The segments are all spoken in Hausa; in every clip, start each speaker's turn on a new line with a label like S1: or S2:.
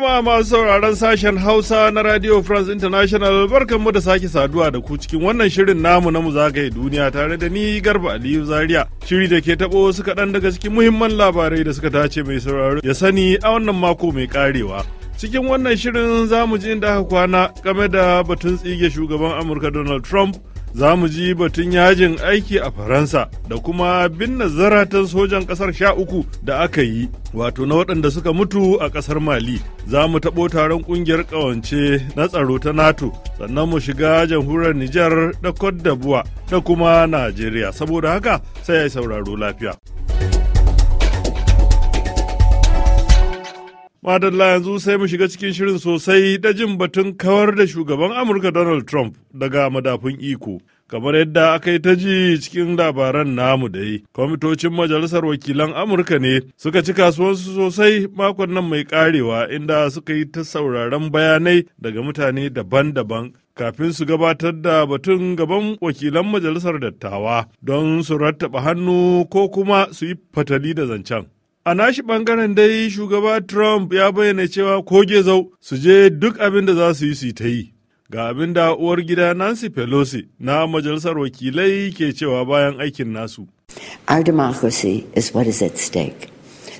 S1: Jama'a masu sauraron sashen Hausa na Radio France International barkanmu da sake saduwa da ku cikin wannan shirin namu na mu zagaye duniya tare da ni Garba Aliyu Zaria. Shiri da ke taɓo wasu kaɗan daga cikin muhimman labarai da suka dace mai sauraro ya sani a wannan mako mai karewa. Cikin wannan shirin za mu ji inda aka kwana game da batun tsige shugaban Amurka Donald Trump za mu ji batun yajin aiki a Faransa da kuma binne zaratan sojan ƙasar sha uku da aka yi, wato na waɗanda suka mutu a ƙasar Mali. Za mu taɓo taron ƙungiyar ƙawance na tsaro ta NATO, sannan mu shiga jamhuriyar Nijar da Cote da kuma Najeriya. Saboda haka sai ya sauraro lafiya. Madalla yanzu sai mu shiga cikin shirin sosai da jin batun kawar da shugaban Amurka Donald Trump daga madafun iko. Kamar yadda aka yi ta ji cikin labaran namu da yi, kwamitocin Majalisar Wakilan Amurka ne suka ci kasuwansu sosai makon nan mai karewa inda suka yi ta sauraron bayanai daga mutane daban-daban kafin su gabatar da batun gaban wakilan Majalisar Dattawa don su rattaba hannu ko kuma su yi fatali da zancen. A nashi ɓangaren dai shugaba Trump ya bayyana cewa koge zau su je duk abin da za su yi su ta yi. Ga abin da uwar gida Nancy Pelosi na majalisar wakilai ke cewa bayan aikin nasu.
S2: Our democracy is what is at stake.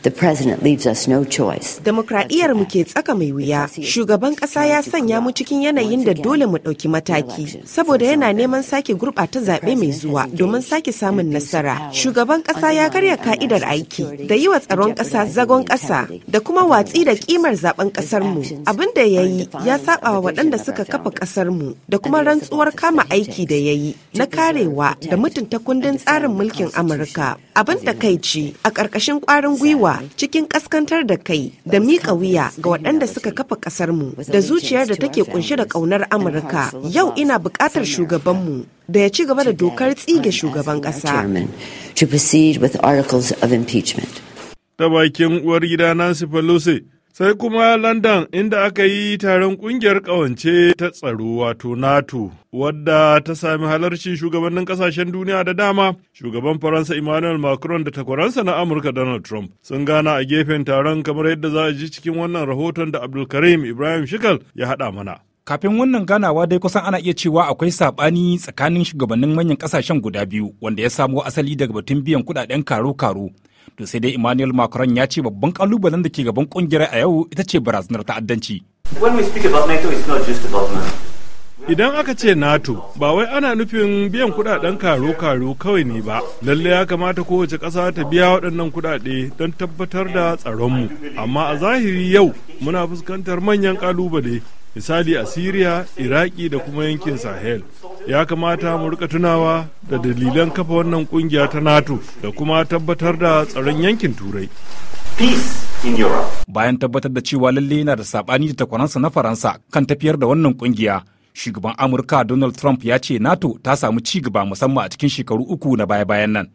S2: The president leaves no choice.
S1: Demokradiyyar mu ke tsaka mai wuya. Shugaban ƙasa ya sanya mu cikin yanayin da dole mu ɗauki mataki saboda yana neman sake gurɓata zaɓe mai zuwa domin sake samun nasara. Shugaban ƙasa ya karya ka'idar aiki da yi wa tsaron ƙasa zagon ƙasa, da kuma watsi da ƙimar zaben kasar mu. Abin da ya yi ya saba wa waɗanda suka kafa kasar mu da kuma rantsuwar kama aiki da ya yi na karewa da mutunta kundin tsarin mulkin Amurka. Abin da kai ci, a ƙarƙashin ƙwarin gwiwa abubuwa cikin kaskantar da kai da miƙa wuya ga waɗanda suka kafa ƙasarmu da zuciyar da take kunshe da ƙaunar Amurka. Yau ina buƙatar shugabanmu da ya ci gaba da dokar tsige
S2: shugaban ƙasa.
S1: Da bakin uwar gida Nancy Pelosi Sai kuma London inda aka yi taron kungiyar kawance ta tsaro wato NATO wadda ta sami halarci shugabannin kasashen duniya da dama shugaban Faransa Emmanuel Macron da takwaransa na Amurka Donald Trump sun gana a gefen taron kamar yadda za a ji cikin wannan rahoton da Abdulkarim Ibrahim Shikal ya haɗa mana.
S3: kafin wannan ganawa dai kusan ana iya cewa akwai saɓani tsakanin shugabannin manyan ƙasashen guda biyu wanda ya samo asali daga batun biyan kuɗaɗen karo-karo To sai dai Emmanuel Macron ya ce babban kalubalen da ke gaban kungiyar a yau ita ce barazanar ta'addanci.
S1: Idan aka ce NATO ba wai ana nufin biyan kudaden karo-karo kawai ne ba, lalle ya kamata kowace ƙasa ta biya waɗannan kudade don tabbatar da tsaronmu. Amma a zahiri yau muna fuskantar manyan ƙalubale misali a Siriya, Iraki da kuma yankin Sahel. Ya kamata mu rika tunawa da dalilan kafa wannan kungiya ta NATO da kuma tabbatar da tsaron yankin Turai.
S3: Bayan tabbatar da cewa lalle yana da sabani da takwaransa na Faransa kan tafiyar da wannan kungiya, shugaban Amurka Donald Trump ya ce NATO ta samu ci gaba musamman a cikin shekaru
S4: uku na baya-bayan nan.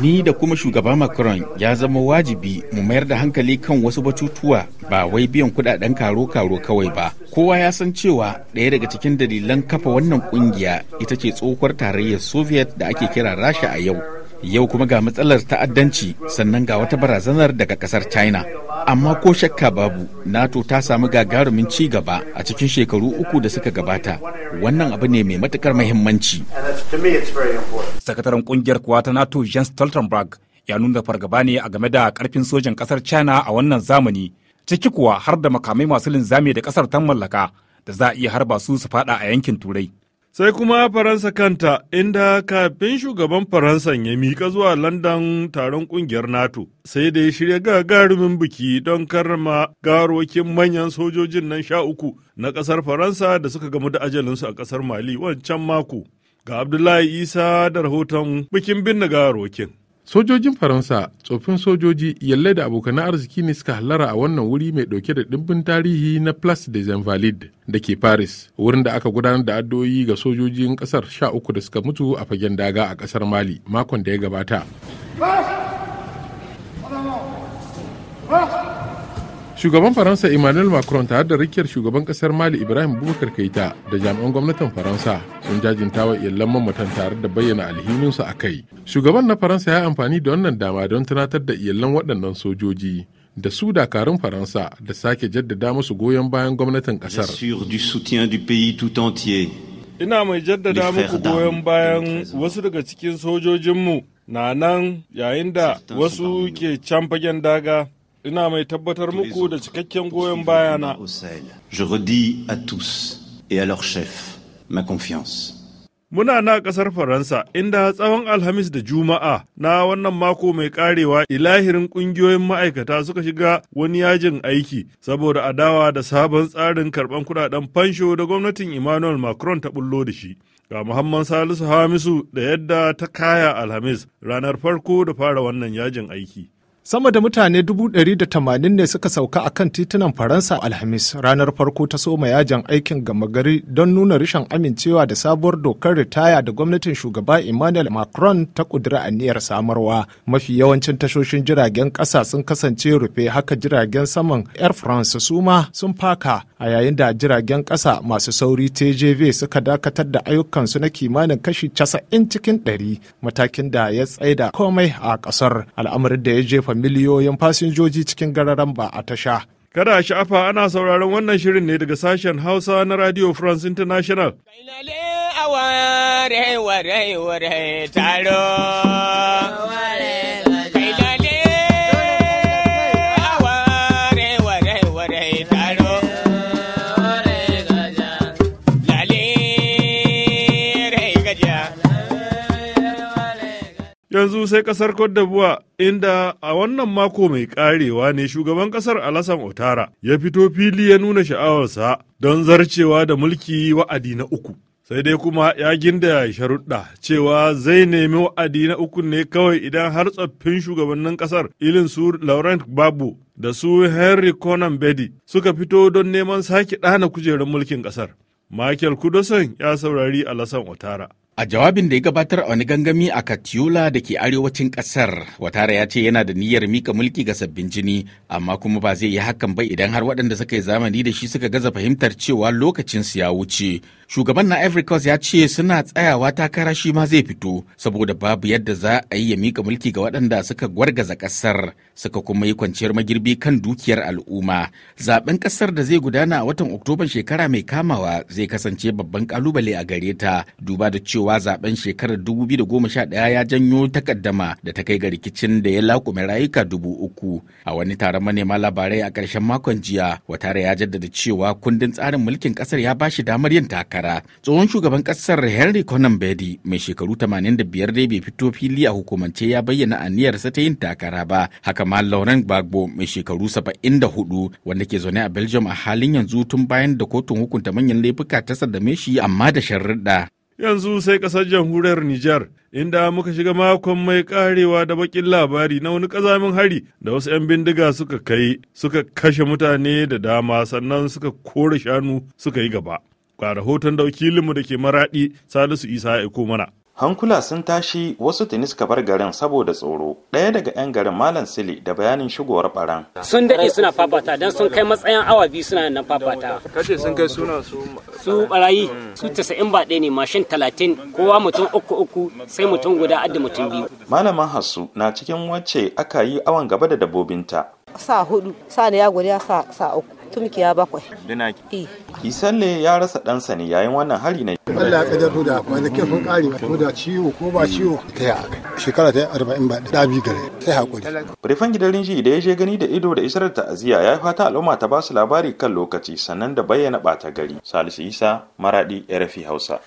S4: ni da kuma shugaba macron ya zama wajibi mu mayar da hankali kan wasu batutuwa ba wai biyan kudaden karo-karo kawai ba kowa ya san cewa ɗaya daga cikin dalilan kafa wannan kungiya ita ce tsohuwar tarayyar soviet da ake kira rasha a yau yau kuma ga matsalar ta'addanci sannan ga wata barazanar daga kasar china amma ko shakka babu nato ta samu gagarumin ci gaba a cikin shekaru uku da suka gabata wannan abu ne mai matukar mahimmanci sakataren kungiyar kuwa ta nato jens stoltenberg ya nuna fargaba ne a game
S3: da karfin sojan kasar china a wannan zamani ciki kuwa har da makamai masu linzami da kasar
S1: ta mallaka da za a iya harba su su fada a yankin turai sai kuma faransa kanta inda kafin shugaban faransan ya miƙa zuwa london taron ƙungiyar nato sai da ya shirya gagarumin biki don karrama garokin manyan sojojin nan sha uku na ƙasar faransa da suka gamu da ajalinsu a ƙasar mali wancan mako ga abdullahi isa da rahoton bikin binne garokin sojojin
S5: faransa tsofin sojoji yalle da abokan arziki ne suka halara a wannan wuri mai dauke da dimbin tarihi na place des invalides da ke paris wurin da aka gudanar da addoyi ga sojojin kasar sha uku da suka mutu a fagen daga a kasar mali makon da ya gabata shugaban faransa emmanuel macron tare da rikiyar shugaban kasar mali ibrahim bubakar keita da jami'an gwamnatin faransa sun jajinta wa iyalan mamatan tare da bayyana alhininsu a kai shugaban na faransa ya amfani da wannan dama don tunatar da iyalan waɗannan sojoji da su dakarun faransa da sake jaddada musu goyon bayan gwamnatin
S1: kasar ina mai jaddada muku goyon bayan wasu daga cikin sojojinmu na nan yayin da wasu ke can fagen daga Ina mai tabbatar muku da cikakken goyon bayana. Je
S3: redis à tous et à leur chef ma confiance.
S1: Muna na ƙasar Faransa inda tsawon Alhamis da Juma'a na wannan mako mai karewa ilahirin ƙungiyoyin ma'aikata suka shiga wani yajin aiki saboda adawa da sabon tsarin karɓar kuɗaɗen fansho da gwamnatin Emmanuel Macron ta bullo da shi. Ga Muhammad Salisu Hamisu da yadda ta kaya Alhamis ranar farko da fara wannan yajin aiki.
S6: Sama da mutane dubu ɗari da tamanin ne suka sauka a kan titunan Faransa Alhamis ranar farko ta soma yajin aikin gama gari don nuna rashin amincewa da sabuwar dokar ritaya da gwamnatin shugaba Emmanuel Macron ta kudura aniyar samarwa. Mafi yawancin tashoshin jiragen ƙasa sun kasance rufe haka jiragen saman Air France su ma sun faka a yayin da jiragen ƙasa masu sauri TJV suka dakatar da ayyukansu na kimanin kashi 90 cikin ɗari, matakin da ya tsaida komai a ƙasar al'amarin da ya jefa
S1: miliyoyin fasinjoji cikin gararan ba a tasha. Kada a sha'afa ana sauraron wannan shirin ne daga sashen Hausa na Radio France International.
S7: taro.
S1: yanzu sai kasar Cote d'Ivoire inda a wannan mako mai karewa ne shugaban kasar Alassane Ouattara ya fito fili ya nuna sha'awarsa don zarcewa da mulki wa'adi na uku. Sai dai kuma ya ginda ya sharuɗa cewa zai nemi wa'adi na uku ne kawai idan har tsoffin shugabannin kasar irin su Laurent Gbagbo da su Henry Conan Bedi suka fito don neman sake ɗana kujerar mulkin kasar. Michael Kudoson ya saurari Alassane Ouattara. A jawabin
S4: da ya gabatar a wani gangami a Katiola da ke arewacin ƙasar, Watara ya ce yana da niyyar mika mulki ga sabbin jini, amma kuma ba zai yi hakan ba idan har waɗanda suka yi zamani da shi suka gaza fahimtar cewa lokacinsu ya wuce. Shugaban na Ivory Coast ya ce suna tsayawa takara shi ma zai fito, saboda babu yadda za a yi ya mika mulki ga waɗanda suka gwargaza kasar, suka kuma yi kwanciyar magirbi kan dukiyar al'umma. Zaben ƙasar da zai gudana a watan Oktoban shekara mai kamawa zai kasance babban ƙalubale a gare ta, duba da cewa cewa zaben shekarar 2011 ya janyo takaddama da ta kai ga rikicin da ya lakume rayuka dubu uku a wani taron manema labarai a ƙarshen makon jiya watara ya jaddada cewa kundin tsarin mulkin ƙasar ya bashi damar yin takara tsohon shugaban ƙasar henry conan bedi mai shekaru 85 dai bai fito fili a hukumance ya bayyana aniyarsa ta yin takara ba haka ma laurent gbagbo mai shekaru 74 wanda ke zaune a belgium a halin yanzu tun bayan da kotun hukunta manyan laifuka ta sallame shi amma da sharruɗa
S1: Yanzu sai ƙasar jamhuriyar Nijar, inda muka shiga makon mai karewa da bakin labari na wani ƙazamin hari da wasu 'yan bindiga suka kai suka kashe mutane da dama sannan suka kore shanu suka yi gaba. Ga rahoton da wakilinmu da ke maraɗi Salisu Isa ya mana.
S3: hankula sun tashi wasu tuni suka bar garin saboda tsoro ɗaya daga 'yan garin malam sili da bayanin shigowar baran sun
S6: daɗe suna fafata don sun kai matsayin awa biyu suna nan fafata kace sun kai suna su su barayi su tasa'in ba ɗaya ne mashin talatin kowa mutum uku uku sai mutum guda adda mutum biyu
S3: malaman hassu na cikin wacce aka yi awon gaba da dabbobinta
S5: sa hudu sa ya guda sa sa uku ya bakwai dina ki
S3: eh. ne ya rasa dansa ne yayin wannan hari na Allah ya kaddaro
S7: da da sun kare ko da ciwo ko ba ciwo ta ya shekara ta 40 ba da bi gare sai hakuri rifan
S3: gidan ji da ya je gani da ido da isar aziya ya fata al'umma ta ba su labari kan lokaci sannan da bayyana bata gari salisu isa maradi rfi hausa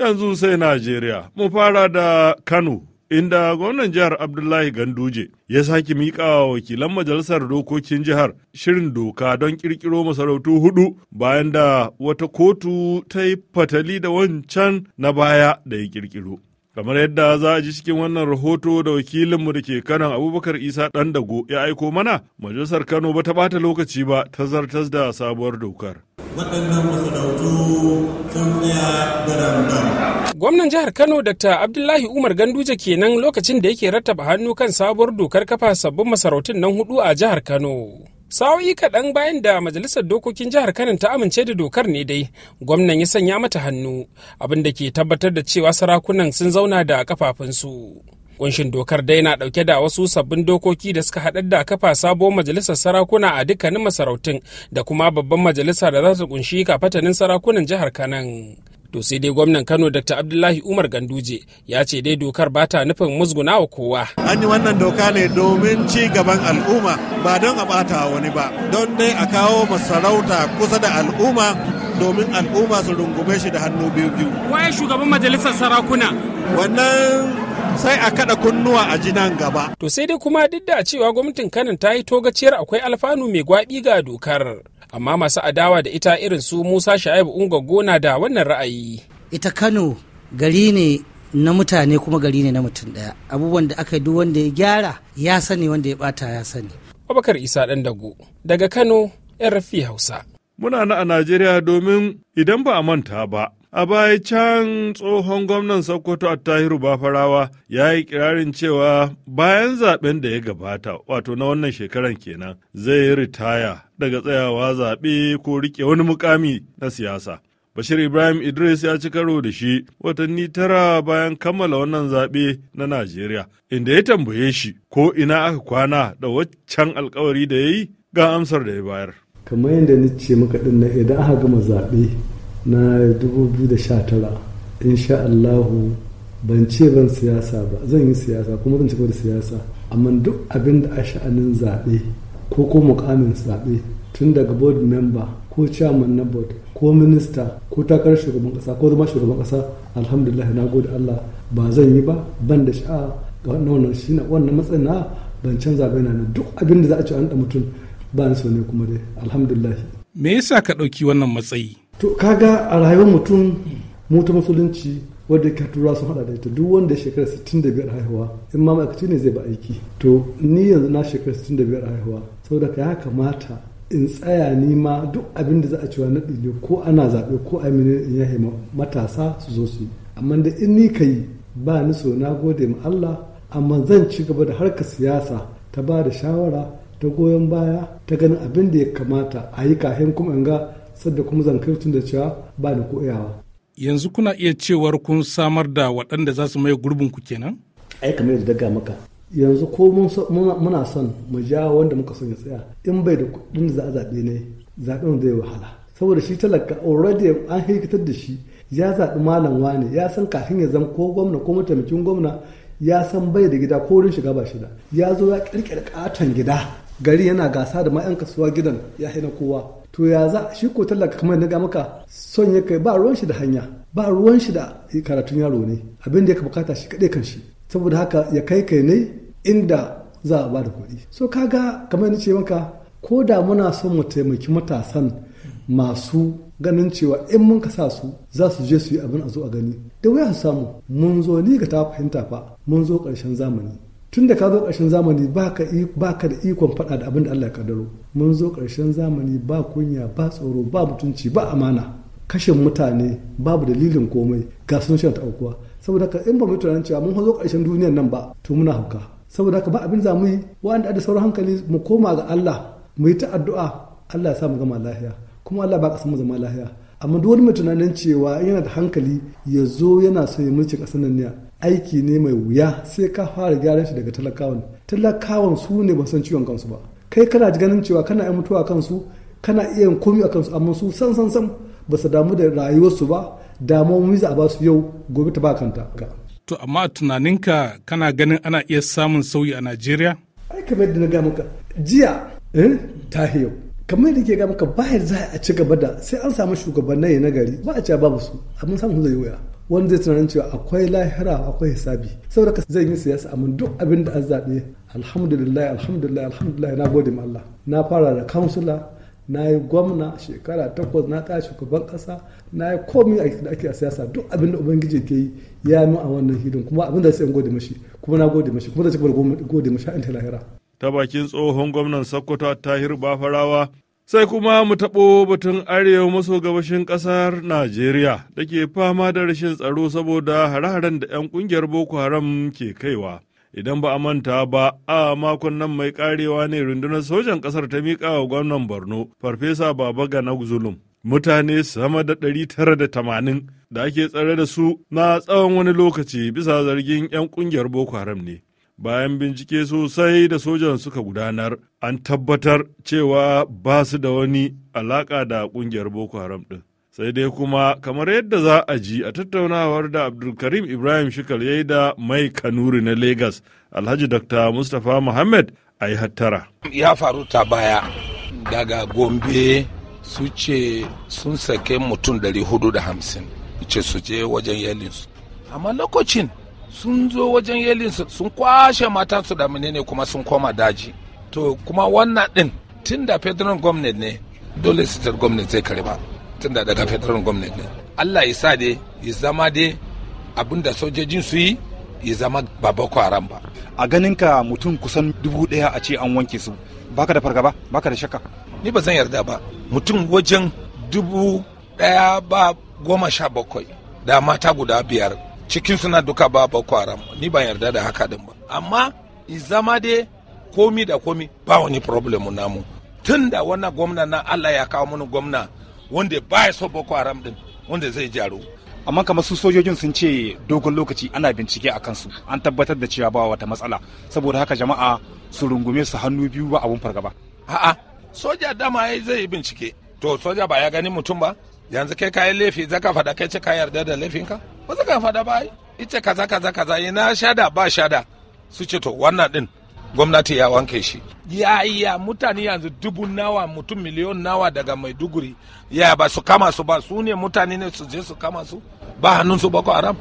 S1: Yanzu sai Najeriya, mu fara da Kano, inda gwamnan jihar Abdullahi Ganduje ya sake miƙa wa wakilan majalisar dokokin jihar shirin doka don ƙirƙiro masarautu hudu bayan da wata kotu ta yi fatali da wancan na baya da ya ƙirƙiro. kamar yadda za a ji cikin wannan rahoto da wakilinmu da ke kanan abubakar isa ɗan dago ya aiko mana majalisar kano ba ta ɓata lokaci ba ta zartas da sabuwar dokar waɗannan masarautu sun tsaya Gwamnan jihar Kano Dr.
S6: Abdullahi Umar Ganduje kenan lokacin da yake rattaba hannu kan sabuwar dokar kafa sabbin masarautun nan hudu a jihar Kano. Sa'o'i kaɗan bayan da Majalisar Dokokin Jihar Kano ta amince da dokar ne dai, gwamnan ya sanya mata hannu, abin da ke tabbatar da cewa sarakunan sun zauna da kafafunsu. Kunshin dokar dai na dauke da wasu sabbin dokoki da suka haɗar da kafa sabo majalisar sarakuna a dukkanin masarautun da kuma babban majalisa da za su kunshi kafatanin sarakunan jihar Kanan. To sai dai gwamnan Kano Dr. Abdullahi Umar Ganduje ya ce dai dokar ba ta nufin musguna wa kowa.
S1: An yi wannan doka ne domin ci gaban al'umma ba don a bata wani ba, don dai a kawo masarauta kusa da al'umma domin al'umma su rungume shi da hannu biyu biyu. Waye shugaban
S6: majalisar sarakuna? Wannan sai a kada kunnuwa a ji nan gaba. To sai dai kuma duk da cewa gwamnatin Kano ta yi togaciyar akwai alfanu mai gwaɓi ga dokar. Amma masu adawa da ita irin su Musa Sha'ibu Ungogo na da wannan ra'ayi. Ita Kano gari ne na
S3: mutane kuma gari ne na mutum ɗaya. Abubuwan da aka yi duk wanda ya gyara ya sani wanda ya bata ya sani.
S6: Abubakar Isa ɗan dago daga Kano, 'yan Hausa.
S1: Muna na a Najeriya domin idan ba a manta ba, A baya can tsohon gwamnan Sokoto Tahiru Bafarawa ya yi kirarin cewa bayan zaben da ya gabata wato na wannan shekaran kenan zai ritaya daga tsayawa zaɓe ko rike wani mukami na siyasa. Bashir Ibrahim Idris ya ci karo da shi watanni tara bayan kammala wannan zaɓe na Najeriya, inda ya tambaye shi ko ina aka kwana da waccan alkawari da ya yi ga amsar da ya bayar.
S2: Kamar yadda ni ce maka ɗin idan aka gama zaɓe na 2019 insha Allahu ban ce ban siyasa ba zan yi siyasa kuma zan ci cigaba da siyasa amma duk abin da a sha'anin zaɓe ko ko mukamin zaɓe tun daga board member ko chairman na board ko minista ko takarar shugaban kasa ko zama shugaban kasa alhamdulillah na gode Allah ba zan yi ba ban da sha'a ga wannan shi na wannan matsayin na ban can zaɓe na duk abin da za a ci an da mutum ba so ne kuma dai alhamdulillah
S5: me yasa ka ɗauki wannan matsayi
S2: to kaga a rayuwar mutum mota musulunci wadda ka tura sun hada da ita duk wanda shekara 65 haihuwa in ma ma'aikaci ne zai ba aiki to ni yanzu na shekara 65 haihuwa saboda ka ya kamata in tsaya ni ma duk abin da za a cewa naɗi ne ko ana zaɓe ko a yi in haima matasa su zo su yi amma da in ni ka yi ba ni so na gode ma Allah amma zan ci gaba da harkar siyasa ta ba da shawara ta goyon baya ta ganin abin da ya kamata a yi kafin kuma in ga sadda kuma zankartun da cewa ba da koyawa.
S5: Yanzu kuna iya cewar kun samar da waɗanda za su maye gurbin ku kenan? Ai kamar yadda daga maka.
S2: Yanzu ko muna son mu ja wanda muka son ya tsaya in bai da kuɗin da za a zaɓe ne zaɓen zai wahala. Saboda shi talaka already an hikitar da shi ya zaɓi malam wane ya san kafin ya zama ko gwamna ko mataimakin gwamna ya san bai da gida ko wurin shiga ba shida ya zo ya kirkira katon gida gari yana gasa da ma kasuwa gidan ya haina kowa to ya za shi ko talaka kamar na ga maka son ya kai ba ruwan shi da hanya ba ruwan shi da karatun yaro ne abin da ya bukata shi kaɗai kan shi saboda haka ya kai kai ne inda za a ba da kuɗi so kaga kamar na ce maka ko da muna son mu taimaki matasan masu ganin cewa in mun kasa su za su je su yi abin a zo a gani da wuya su samu mun zo ni ga ta fahimta fa mun zo karshen zamani tun da ka zo ƙarshen zamani ba ka da ikon faɗa da abin da Allah ya kaddaro mun zo ƙarshen zamani ba kunya ba tsoro ba mutunci ba amana kashin mutane babu dalilin komai ga sun shan aukuwa saboda haka in ba mu tunanin cewa mun zo ƙarshen duniyan nan ba to muna hauka saboda haka ba abin za mu yi wa'anda da sauran hankali mu koma ga Allah mu yi ta addu'a Allah ya sa mu gama lahiya kuma Allah ba ka mu zama lahiya amma duk wani mai tunanin cewa yana da hankali ya zo yana so ya mulki ƙasar nan aiki ne mai wuya sai ka fara gyaran shi daga talakawan talakawan su ne ba san ciwon kansu ba kai kana ganin cewa kana iya mutuwa kansu kana iya komi a kansu amma su san san san ba su damu da rayuwarsu ba mu za a ba su yau gobe ta ba kanta to
S5: amma tunaninka kana ganin ana iya samun sauyi a najeriya
S2: ai kamar yadda na ga maka jiya eh ta yau kamar yadda ke ga maka bayar za a ci gaba da sai an samu shugabannin na gari ba a ci babu su abin samun zai yi wuya wanda zai tunanin cewa akwai lahira akwai hisabi saboda ka zai yi siyasa amma duk abin da an zaɓe alhamdulillah alhamdulillah alhamdulillah na gode ma Allah na fara da kansula na yi gwamna shekara takwas na tashi shugaban ƙasa na yi komi da ake a siyasa duk abin da ubangiji ke yi ya yi a wannan hidin kuma abin da sai in gode mashi kuma na gode mashi kuma da cikin gode mashi a lahira
S1: ta bakin tsohon gwamnan sokoto tahir bafarawa sai kuma mu taɓo batun arewa maso gabashin ƙasar Najeriya da ke fama da rashin tsaro saboda hare-haren da 'yan ƙungiyar Boko Haram ke kaiwa. Idan ba a manta ba, a makon nan mai ƙarewa ne rundunar sojan ƙasar ta miƙa wa gwamnan Borno, Farfesa Baba Gana Zulum. Mutane sama da ɗari tara da tamanin da ake tsare da su na tsawon wani lokaci bisa zargin 'yan ƙungiyar Boko Haram ne. bayan bincike sosai da sojan suka gudanar an tabbatar cewa ba su da wani alaka da kungiyar boko haram din sai dai kuma kamar yadda za a ji a tattaunawar da abdulkarim ibrahim shikal ya yi da mai kanuri na lagos alhaji dr mustapha muhammad a yi hattara
S5: ya faru ta baya daga gombe su ce sun sake mutum 450 ce su je wajen yalinsu amma lokacin sun zo wajen yelinsu sun kwashe matansu da menene kuma sun koma daji to kuma wannan din tun da federal government ne dole sitar gwamnati zai karba tun da daga federal government ne allah ya sa dai ya zama dai abin da sojojin su yi ya zama ba boko haram ba
S3: a ganin ka mutum kusan dubu daya a ce an wanke su baka da fargaba baka da shakka
S5: ni ba zan yarda ba mutum wajen dubu daya ba goma sha bakwai da mata guda biyar cikin suna duka ba boko haram ni ban yarda da haka din ba amma zama dai komi da komi ba wani problem namu tun da wannan gwamna na Allah ya kawo mana gwamna wanda ba ya so boko haram din wanda zai jaru amma kamar su sojojin sun ce dogon lokaci ana bincike
S3: a kansu an tabbatar da cewa ba wata matsala saboda haka jama'a su rungume su hannu biyu ba
S5: abun fargaba a'a soja dama ya zai bincike to soja ba ya gani mutum ba yanzu kai kayan laifi zaka fada kai ce ka yarda da laifinka ba su ka fada ba ita kaza kaza kaza yana shada ba shada su ce to wannan din gwamnati ya wanke shi ya iya mutane yanzu dubu nawa mutum miliyon nawa daga maiduguri ya ba su kama su ba su ne mutane ne su je su kama su ba hannun su boko haram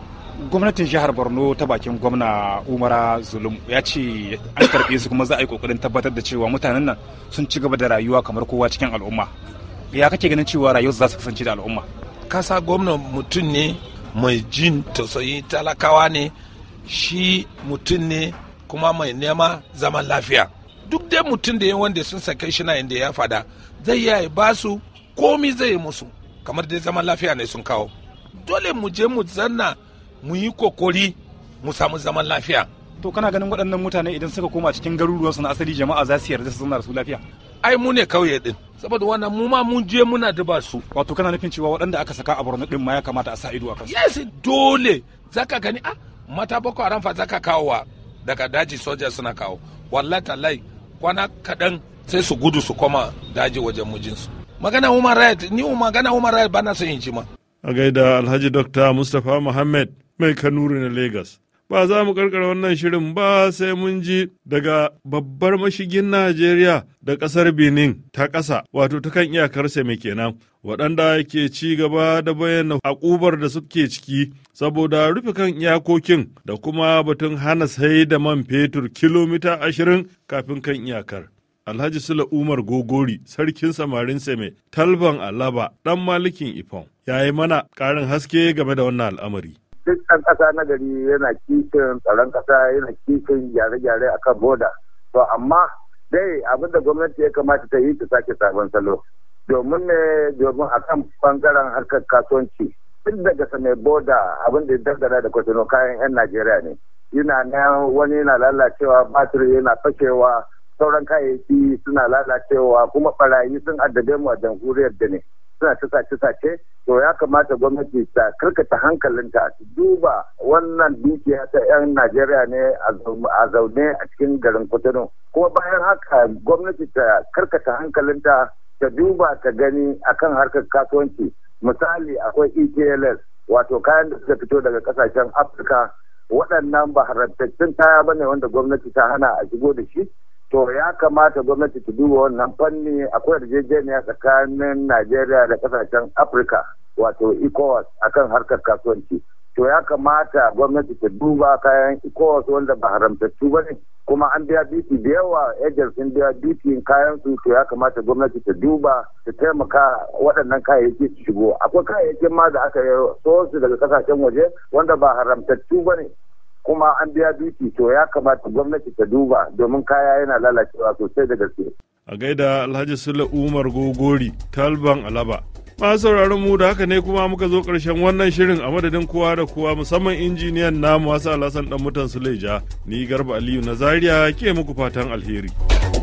S3: gwamnatin jihar borno ta bakin gwamna umara zulum ya ce an karɓe su kuma za a yi kokarin tabbatar da cewa mutanen nan sun ci gaba da rayuwa kamar kowa cikin al'umma ya kake ganin cewa rayuwar za su kasance da
S5: al'umma kasa gwamna mutum ne mai jin tausayi talakawa ne shi mutum ne kuma mai nema zaman lafiya duk dai mutum da wanda sun sake shi na inda ya fada zai yi ba su komi zai yi musu kamar dai zaman lafiya ne sun kawo dole mu je mu zanna mu yi kokori mu samu zaman lafiya to kana ganin waɗannan mutane idan suka koma cikin garuruwansu na asali jama'a za su yarda su zauna da su lafiya ai mu ne kauye din saboda wannan mu ma mun je muna duba su wato kana nufin cewa waɗanda aka saka a borno din ma ya kamata a sa ido a kansu yes dole zaka gani ah mata boko haram fa zaka wa daga daji soja suna kawo wallahi tallahi kwana kaɗan sai su gudu su koma daji wajen su. magana human right ni magana human right ba
S1: na son in ji ma a gaida alhaji dr mustapha muhammad mai kanuri na lagos ba za mu karkar wannan shirin ba sai mun ji daga babbar mashigin Najeriya da ƙasar Benin ta ƙasa wato ta kan iyakar mai kenan waɗanda ke ci gaba da bayyana akubar da suke ciki saboda rufe kan iyakokin da kuma batun hana sai da man fetur kilomita ashirin kafin kan iyakar. Alhaji Sula Umar Gogori, sarkin samarin Seme, Talban Alaba, ɗan malikin Ifon, ya yi mana ƙarin haske game da wannan al'amari.
S7: duk ɗan kasa na gari yana kishin tsaron kasa yana kishin gyare-gyare a kan boda to amma dai abinda gwamnati ya kamata ta yi ta sake sabon salo domin ne domin a kan bangaren harkar kasuwanci duk daga sanai boda abin ya dangana da kwatano kayan 'yan najeriya ne yana nan wani yana lalacewa batiri yana fashewa sauran kayayyaki suna lalacewa kuma barayi sun addabe mu a jamhuriyar da ne suna ta sace sace to ya kamata gwamnati ta karkata hankalinta duba wannan dukiya ta 'yan najeriya ne a zaune a cikin garin kotunu kuma bayan haka gwamnati ta karkata hankalinta ta duba ta gani akan harkar kasuwanci misali akwai etls wato kayan da suka fito daga kasashen afirka waɗannan ba taya kaya bane wanda gwamnati ta hana a shigo da shi to ya kamata gwamnati ta duba wannan fanni akwai yarjejeniya tsakanin najeriya da kasashen afirka wato ecowas akan harkar kasuwanci to ya kamata gwamnati ta duba kayan ecowas wanda ba haramtattu ba ne kuma an biya biti da yawa agents sun biya bitin kayan su to ya kamata gwamnati ta duba ta taimaka waɗannan kayayyaki su shigo akwai kayayyakin ma da aka so su daga kasashen waje wanda ba haramtattu ba ne kuma an biya duki to ya kamata gwamnati ta duba domin kaya yana lalacewa sosai da gaske.
S1: A gaida Alhaji Sule Umar Gogori, Talban Alaba. Masu sauraron mu da haka ne kuma muka zo ƙarshen wannan shirin a madadin kowa da kowa musamman injiniyan namu wasu alasan dan mutan Suleja, ni Garba Aliyu na Zaria ke muku fatan alheri.